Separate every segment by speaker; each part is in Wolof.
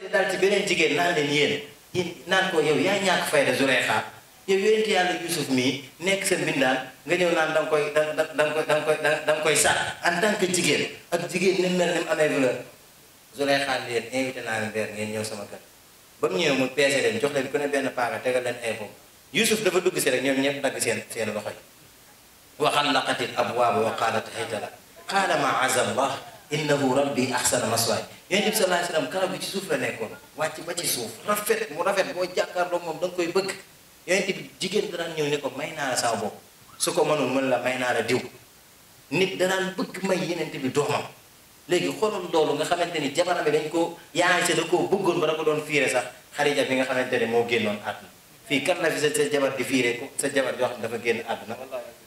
Speaker 1: di dal ci beneen jigéen naan leen yéen yéen naan ko yow yaa ñàkk fayda Zuleyxa yow yonent yàlla Yusuf mii nekk sa mbindaan nga ñëw naan da nga koy da da da nga koy da nga koy sax en tant que jigéen ak jigéen ni mel ni mu amee valeur Zuleyxa ni leen invité naa leen weer ngeen ñëw sama kër ba mu ñëwee mu peese leen jox leen ku ne benn paaka tegal leen ay foofu Yusuf dafa dugg si rek ñoom ñëpp dagg seen seen loxo yi wa xallaqatil abwaaba wa qaalat hayta lak qaala ma aza allah innahu rabbi ahsana maswaaya yonent bi sallallahu alayhi wa sallam kanam bi ci suuf la nekkoon wàcc ba ci suuf rafet mu rafet boo jàkkaarloo moom da nga koy bëgg yonent bi jigéen danaan ñëw ne ko may naa la saa bopp su ko mënoon mën la may naa la diw nit danaan bëgg may yonent bi doomam léegi xoolal loolu nga xamante ni jabaram bi dañ ko yaay sa da koo bëggoon ba da ko doon fiire sax xarija bi nga xamante ne moo génnoon àdduna fii kan la fi sa sa jabar di fiire ko sa jabar yoo xam ne dafa génn àdduna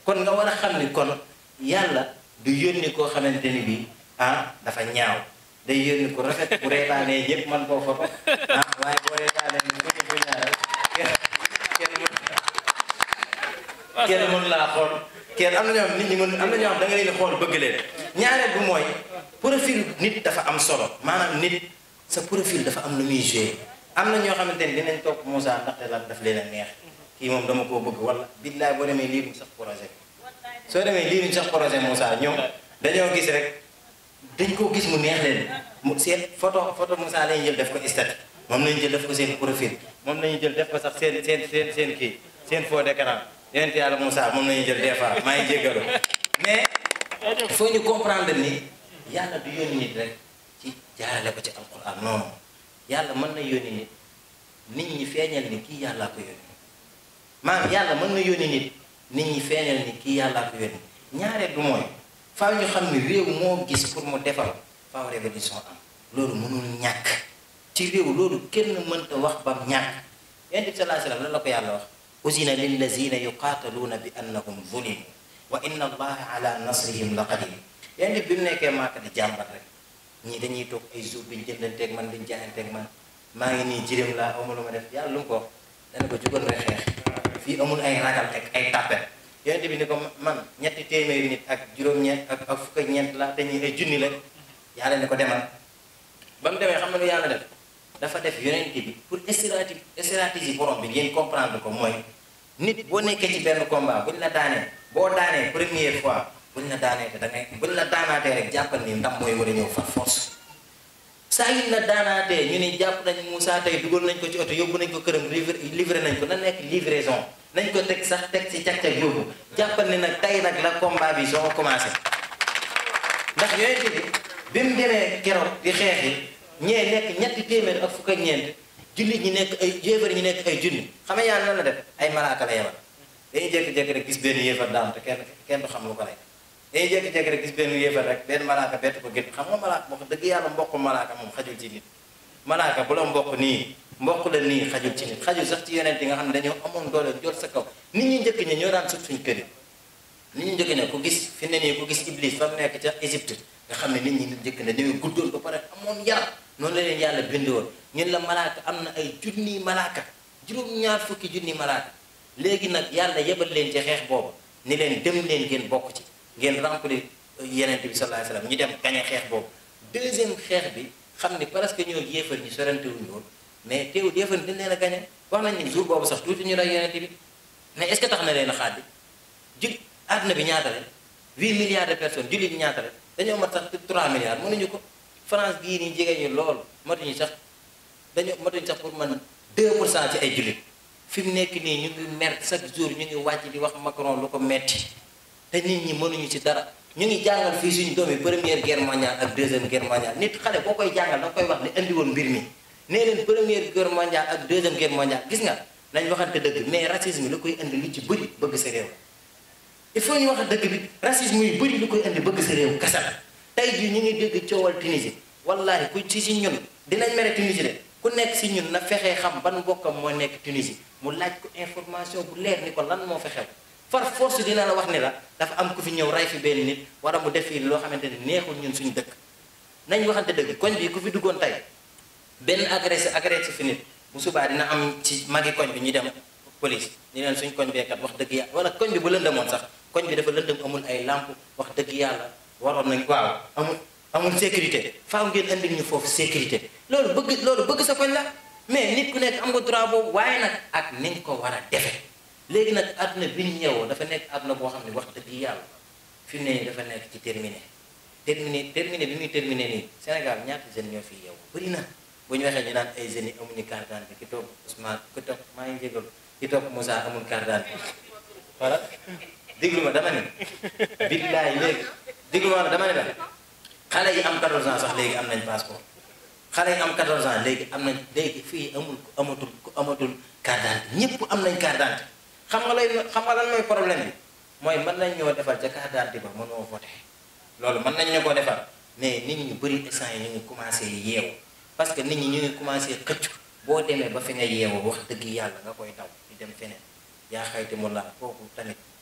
Speaker 1: kon nga war a xam ni kon yàlla du yónni koo xamante ni bi ah dafa ñaaw day yéene ku rafet bu reetaanee ñëpp man koo foto ah waaye boo reetaanee ñu bëgg ko ñaaral kenn kenn kenn am na nit ñi mën am na ñoo xam da nga leen xool bëgg leen ñaareel bi mooy profil nit dafa am solo maanaam nit sa profile dafa am lu muy joué am na ñoo xamante ni dinañ toog Moussa ndaxte lan daf leen a neex kii moom dama koo bëgg wala billaay boo demee liiruñ sax projet soo demee liiruñ sax projet Moussa ñoom dañoo gis rek dañ koo gis mu neex leen mu seen photo photo Moussa lañu jël def ko statut moom lañu jël def ko seen profil moom lañu jël def ko sax seen seen seen seen kii seen faux d'écran yonent yàlla Moussa moom lañu jël des fois maa ngi jéggalu mais il faut ñu comprendre ni yàlla du yónni nit rek ci jaarale ko ci alquran non yàlla mën na yónni nit nit ñi feeñal ni kii yàllaa ko yàlla mën na yónni nit nit ni kii yàllaa ko yónni ñaareel du mooy faaw ñu xam ne réew moo gis pour mu defar faaw révolution am loolu mënul ñàkk ci réew loolu kenn mënta wax ba bam ñàkk yonent bi sallallahu alayhi wa sallam lan la ko yàlla wax usina lillazina yuqaataluuna bi annahum zulimu wa inna allaha ala nasrihim la qadir yonent bi mu nekkee maaka di jàmbat rek ñii dañuy toog ay jour biñ jëndanteeg man biñ jaayanteeg man maa ngi nii jirim laa amul lu ma yàlla lu mu ko wax dana ko jugoon rek xeex fii amul ay ragal ak ay tàppet yonent bi ni ko man ñetti téeméeri nit ak juróom-ñeent ak ak fukk ñeent la te ñi ay junni la yàlla ne ko demal ba mu demee xam nga lu yàlla def dafa def yonent bi pour stratégie stratégie borom bi ngeen comprendre ko mooy nit boo nekkee ci benn combat buñ la daanee boo daanee première fois buñ la daanee te da ngay buñ la daanaatee rek jàppal ni ndax mooy war a ñëw fa force saa yu la daanaa dee ñu ni jàpp nañ Moussa tey dugal nañ ko ci oto yóbbu nañ ko këram livré nañ ko na nekk livraison nañ ko teg sax teg ci càq-càq yóbbu jàppal ne nag tey nag la combat bi soo commencé ndax yooyu bi bi mu demee keroog di xeex yi ñee nekk ñetti téeméer ak fukk ak ñeent jullit ñi nekk ay yéefar ñi nekk ay junni xam nga yàlla na la def ay malaaka la yemal dañu jékki-jékki rek gis benn yéefar daam kenn du xam lu ko lay dañuy eh, jékki-jékki rek gis benn yéefar rek benn malaaka bett ko génn xam nga malaaka boo dëgg yàlla mboq malaaka moom xajul ci nit malaaka bu la mboq nii mboq la nii xajul ci nit xajul sax ci yonent yi nga xam ne dañoo amoon doole jot sa kaw nit ñi njëkk ñi ñoo daan suñ kër yi nit ñi njëkk ñi gis fi ne gis iblis fa mu nekk xam ne nit ñi njëkk ne dañoo guddoon ba pare amoon yaram noonu la leen yàlla woon ñun la malaaka am na ay junniy malaaka juróom-ñaar fukki junniy malaaka léegi nag yàlla yebal leen ci xeex boobu ni leen dem leen ngeen bokk ci ngeen remplir yeneen bi sallallahu alayhi wasallam ñu dem gañe xeex boobu deuxième xeex bi xam ne parce que ñoo yéefar ñi sorante wuñu woon mais teewul yéefar dañ leen a gañe wax nañ ni jour boobu sax tuuti ñu rey yeneen bi mais est tax na leen a xaaj jig àdduna bi ñaata la 8 milliards de personnes jullit ñi ñaata la dañoo mat sax 3 milliards mënuñu ko France gii nii jege ñu lool matuñu sax dañoo matuñu sax pour man 2 pour cent ci ay jullit fi mu nekk nii ñu ngi mer chaque ñu ngi wàcc di wax Macron lu ko metti te nit ñi mënuñu ci dara ñu ngi jàngal fii suñu doom yi première guerre mondiale ak deuxième guerre mondiale nit xale boo koy jàngal da koy wax ne andi woon mbir mi nee leen première guerre mondiale ak deuxième guerre mondiale gis nga nañ waxante dëgg mais racisme la koy indi lu ci bëri bëgg sa réew il faut ñu wax dëgg bi racisme yu bëri lu koy indi bëgg sa réew kasa tey jii ñu ngi dégg coowal Tunisie wallaahi ku ci si ñun dinañ mere Tunisie de ku nekk si ñun na fexee xam ban mbokkam moo nekk Tunisie mu laaj ko information bu leer ni ko lan moo fi par force dina la wax ne la dafa am ku fi ñëw rey fi benn nit wala mu def fii loo xamante ne neexul ñun suñu dëkk nañ waxante dëgg koñ bi ku fi duggoon tey benn agressé agressé fi nit bu subaa dina am ci magi koñ bi ñu dem police ñu leen suñ koñ beekat wax dëgg yàlla wala koñ bi bu lëndëmoon sax koñ bi dafa lëndëm amul ay làmp wax dëgg yàlla waroon nañ waaw amul amul sécurité faaw ngeen indi ñu foofu sécurité loolu bëgg loolu bëgg sa koñ la mais nit ku nekk am nga droit boobu waaye nag ak ni nga war a defee léegi nag àdduna bi ñu ñëwoo dafa nekk àdduna boo xam ne wax dëgg yàlla fi mu ne nii dafa nekk ci terminé terminé terminé bi muy terminé nii Sénégal ñaata jeunes ñoo fi yow bëri na bu ñu waxee ñu naan ay jeunes yi amuñu carte d'identité ki toog Ousmane ki toog maa ngi jégalu ki toog Moussa amul carte d'identité voilà ma dama ne billaay léegi déglu dama ne la xale yi am 14 sax léegi am nañ passeport xale yi am 14 ans léegi am nañ léegi fii amul amatul amatul carte d'identité ñëpp am nañ carte d'identité xam nga lay xam nga lan mooy problème bi mooy mën nañ ñoo defal ca carte d'identité ba mënoo voté loolu mën nañ ne ko defal mais nit ñi ñu bëri instant yi ñu ngi commencé yeewu parce que nit ñi ñu ngi commencé xëcc boo demee ba fi nga yeewu wax dëgg yàlla nga koy daw di dem feneen yaa xayti mu la kooku tamit